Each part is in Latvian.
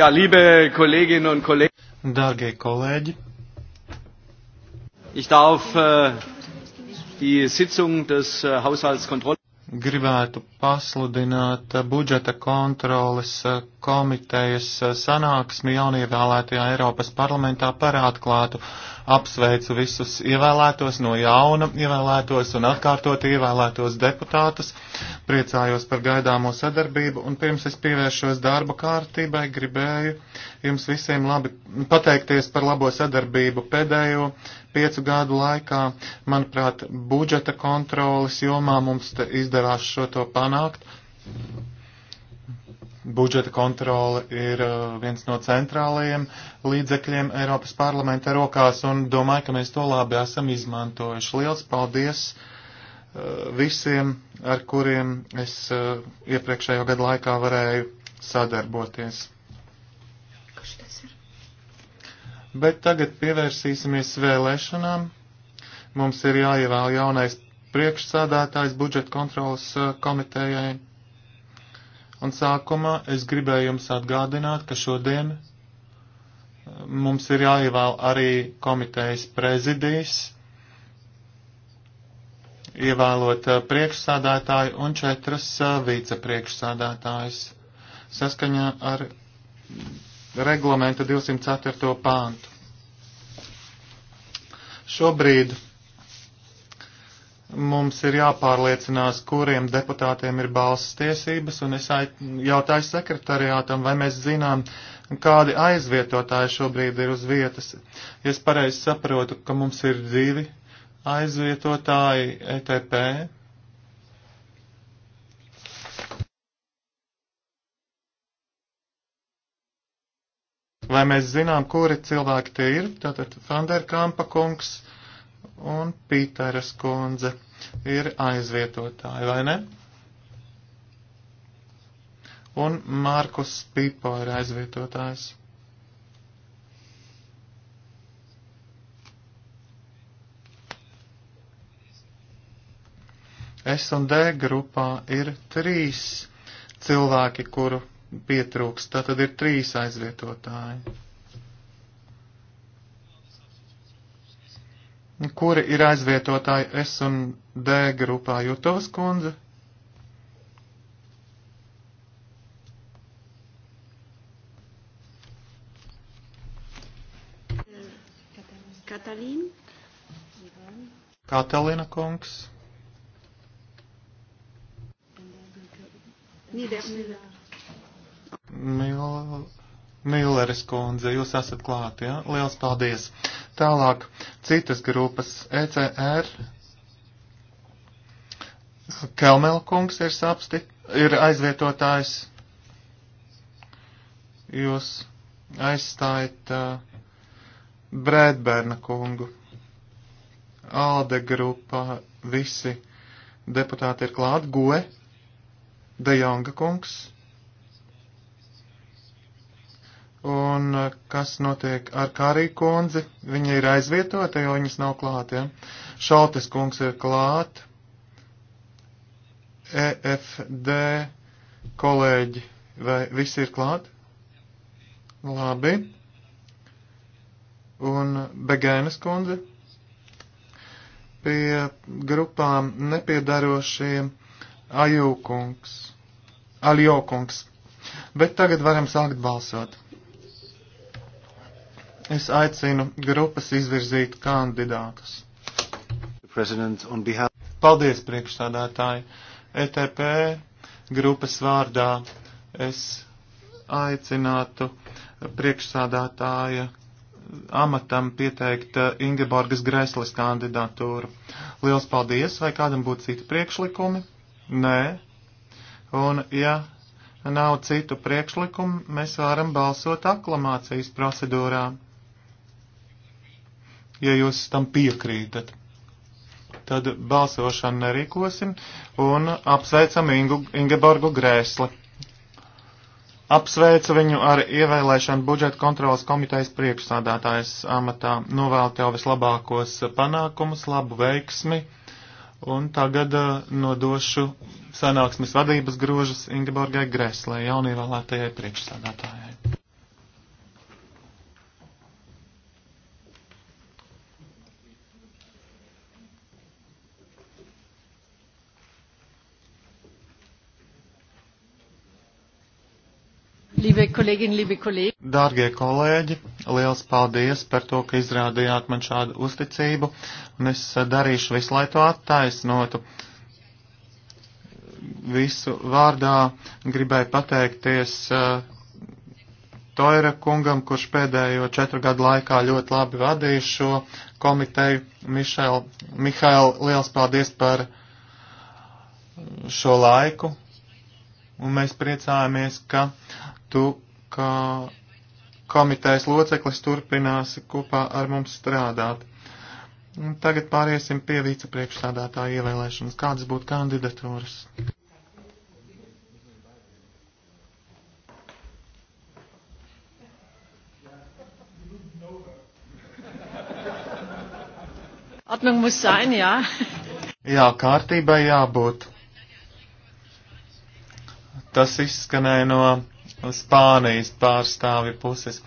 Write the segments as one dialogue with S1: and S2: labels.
S1: Jā, liebe kolēģin un kolēģi. Dārgie kolēģi. Ich darf uh, die Sitzung des uh, äh, Haushaltskontrolls. Gribētu pasludināt äh, budžeta kontroles komitejas sanāksmi jaunievēlētajā Eiropas parlamentā par atklātu. Apsveicu visus ievēlētos no jauna, ievēlētos un atkārtot ievēlētos deputātus. Priecājos par gaidāmo sadarbību un pirms es pievēršos darba kārtībai, gribēju jums visiem labi pateikties par labo sadarbību pēdējo piecu gadu laikā. Manuprāt, budžeta kontrolas jomā mums izdevās šo to panākt. Budžeta kontrole ir uh, viens no centrālajiem līdzekļiem Eiropas parlamenta rokās un domāju, ka mēs to labi esam izmantojuši. Liels paldies! Eh, visiem, ar kuriem es eh, iepriekšējo gadu laikā varēju sadarboties. Bet tagad pievērsīsimies vēlēšanām. Mums ir jāievēl jaunais priekšsādātājs budžeta kontrolas eh, komitejai. Un sākumā es gribēju jums atgādināt, ka šodien mums ir jāievēl arī komitejas prezidijas ievēlot uh, priekšsādātāju un četras uh, vicepriekšsādātājus saskaņā ar reglamenta 204. pāntu. Šobrīd mums ir jāpārliecinās, kuriem deputātiem ir balsas tiesības, un es jautāju sekretariātam, vai mēs zinām, kādi aizvietotāji šobrīd ir uz vietas. Es pareizi saprotu, ka mums ir divi aizvietotāji ETP. Vai mēs zinām, kuri cilvēki tie ir? Tātad Fanderkampa kungs un Pīteras kundze ir aizvietotāji, vai ne? Un Markus Pipo ir aizvietotājs. S un D grupā ir trīs cilvēki, kuru pietrūks. Tātad ir trīs aizvietotāji. Kuri ir aizvietotāji S un D grupā? Jutovas kundze? Katalīna. Katalīna kungs. Mil... Milleris kundze, jūs esat klāt, jā? Ja? Liels paldies. Tālāk, citas grupas ECR. Kelmelkungs ir sapsti, ir aizvietotājs. Jūs aizstājat uh, Brēdbērna kungu. Alde grupā visi deputāti ir klāt. Goe Dejonga kungs. Un eh, kas notiek ar Kārī kundzi? Viņa ir aizvietota, jo viņas nav klāt, ja? Šaltes kungs ir klāt. EFD kolēģi, vai visi ir klāt? Labi. Un Begēnas kundze? Pie grupām nepiedarošie Ajūkungs, Aljokungs. Bet tagad varam sākt balsot. Es aicinu grupas izvirzīt kandidātus. Behalf... Paldies, priekšstādātāji. ETP grupas vārdā es aicinātu priekšsādātāja amatam pieteikt uh, Ingeborgas Greslis kandidatūru. Liels paldies, vai kādam būtu citi priekšlikumi? Nē. Un, ja nav citu priekšlikumu, mēs varam balsot aklamācijas procedūrā, ja jūs tam piekrītat. Tad balsošanu nerīkosim un apsveicam Ingu, Ingeborgu Grēsli. Apsveicu viņu ar ievēlēšanu budžeta kontrolas komitejas priekšsādātājas amatā. Novēlu tev vislabākos panākumus, labu veiksmi! Un tagad uh, nodošu sanāksmes vadības grožus Ingeborgai Greslē, jaunievēlētajai priekšsādātājai. Dārgie kolēģi, liels paldies par to, ka izrādījāt man šādu uzticību, un es darīšu visu, lai to attaisnotu. Visu vārdā gribēju pateikties uh, Toira kungam, kurš pēdējo četru gadu laikā ļoti labi vadīja šo komiteju. Mišēl, Mihail, liels paldies par šo laiku, un mēs priecājamies, ka tu kā komitejas loceklis turpināsi kopā ar mums strādāt. Un tagad pāriesim pie vicepriekšstādātāja ievēlēšanas. Kādas būtu kandidatūras? Atmung muss sein, jā. Jā, kārtībai jābūt. Tas izskanēja no Spānijas pārstāvi puses.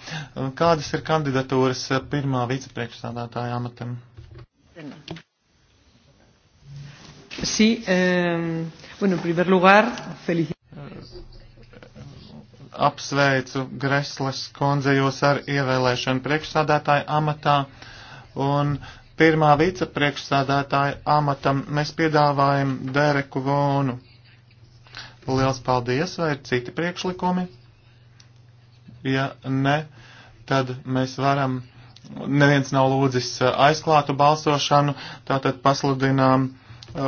S1: Kādas ir kandidatūras eh, pirmā vicepriekšstādātāja amatam? Sí, eh, bueno, en primer lugar, felicidades. Eh, apsveicu Greslas konzējos ar ievēlēšanu priekšsādātāju amatā un pirmā vicepriekšsādātāja amatam mēs piedāvājam Dereku Vonu. Liels paldies, vai ir citi priekšlikumi? Ja ne, tad mēs varam, neviens nav lūdzis uh, aizklātu balsošanu, tātad pasludinām uh,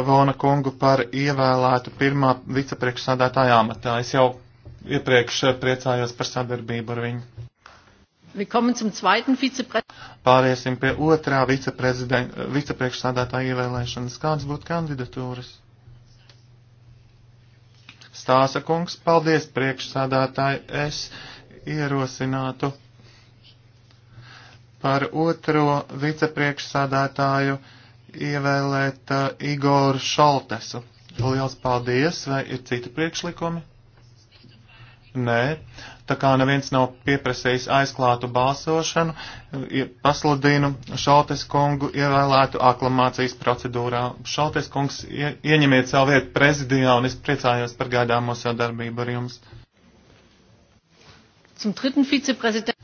S1: Vona kungu par ievēlētu pirmā vicepriekšsādātāja amatā. Es jau iepriekš uh, priecājos par sadarbību ar viņu. Pāriesim pie otrā vicepriekšsādātāja ievēlēšanas. Kādas būtu kandidatūras? Stāsa kungs, paldies priekšsādātāji. Es ierosinātu par otro vicepriekšsādātāju ievēlēt uh, Igoru Šaltesu. Liels paldies, vai ir citi priekšlikumi? Nē, tā kā neviens nav pieprasījis aizklātu balsošanu, pasludinu Šaltes kungu ievēlētu aklamācijas procedūrā. Šaltes kungs, ie, ieņemiet savu vietu prezidijā un es priecājos par gaidāmo sadarbību ar jums. Zum dritten Vizepräsidenten.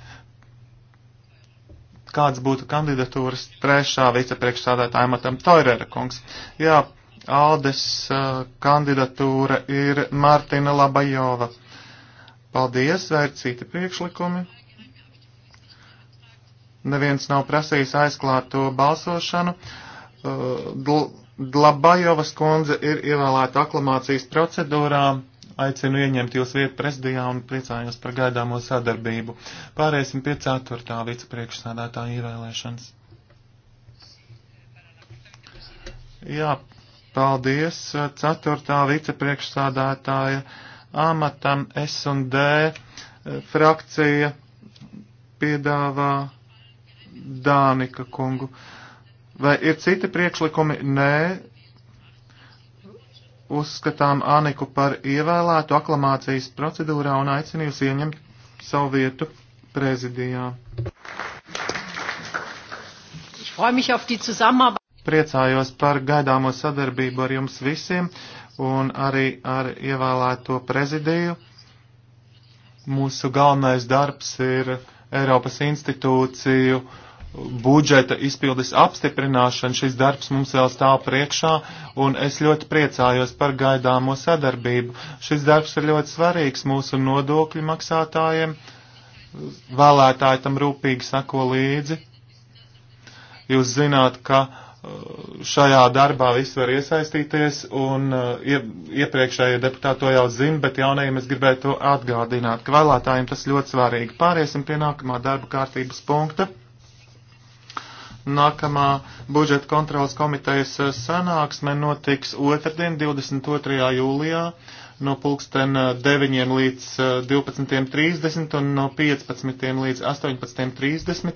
S1: Kāds būtu kandidatūras trešā vicepriekšsādātāja matam Toirera kungs? Jā, Aldes uh, kandidatūra ir Martina Labajova. Paldies, vai ir citi priekšlikumi? Neviens nav prasījis aizklāt to balsošanu. Dlabajovas kundze ir ievēlēta aklamācijas procedūrā aicinu ieņemt jūs vietu prezidijā un priecājos par gaidāmo sadarbību. Pārēsim pie 4. vicepriekšsādātāja ievēlēšanas. Jā, paldies. 4. vicepriekšsādātāja amatam S&D eh, frakcija piedāvā Dānika kungu. Vai ir citi priekšlikumi? Nē, uzskatām Aniku par ievēlētu aklamācijas procedūrā un aicinu jūs ieņemt savu vietu prezidijā. Priecājos par gaidāmo sadarbību ar jums visiem un arī ar ievēlēto prezidiju. Mūsu galvenais darbs ir Eiropas institūciju uh, budžeta izpildes apstiprināšana, šis darbs mums vēl stāv priekšā, un es ļoti priecājos par gaidāmo sadarbību. Šis darbs ir ļoti svarīgs mūsu nodokļu maksātājiem, vēlētāji tam rūpīgi sako līdzi. Jūs zināt, ka uh, šajā darbā viss var iesaistīties, un uh, iepriekšējie deputāti to jau zina, bet jaunajiem es gribētu to atgādināt, ka vēlētājiem tas ļoti svarīgi. Pāriesim pie nākamā darba kārtības punkta. Nākamā budžeta kontrolas komitejas eh, sanāksme notiks otrdien, 22. jūlijā, no pulksten 9 eh, līdz 12.30 eh, un no 15 līdz 18.30.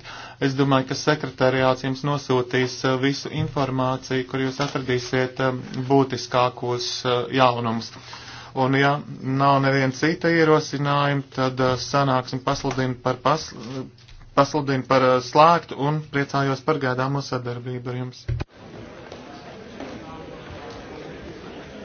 S1: Es domāju, ka sekretariāts jums nosūtīs visu informāciju, kur jūs atradīsiet būtiskākos jaunumus. Un ja nav neviena cita ierosinājuma, tad sanāksim pasludinu par, pas, pasludinu par eh, slēgtu un priecājos par gaidāmo sadarbību ar jums.